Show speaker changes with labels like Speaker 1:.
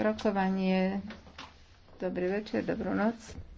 Speaker 1: rokovanie. Dobrý večer, dobrú noc.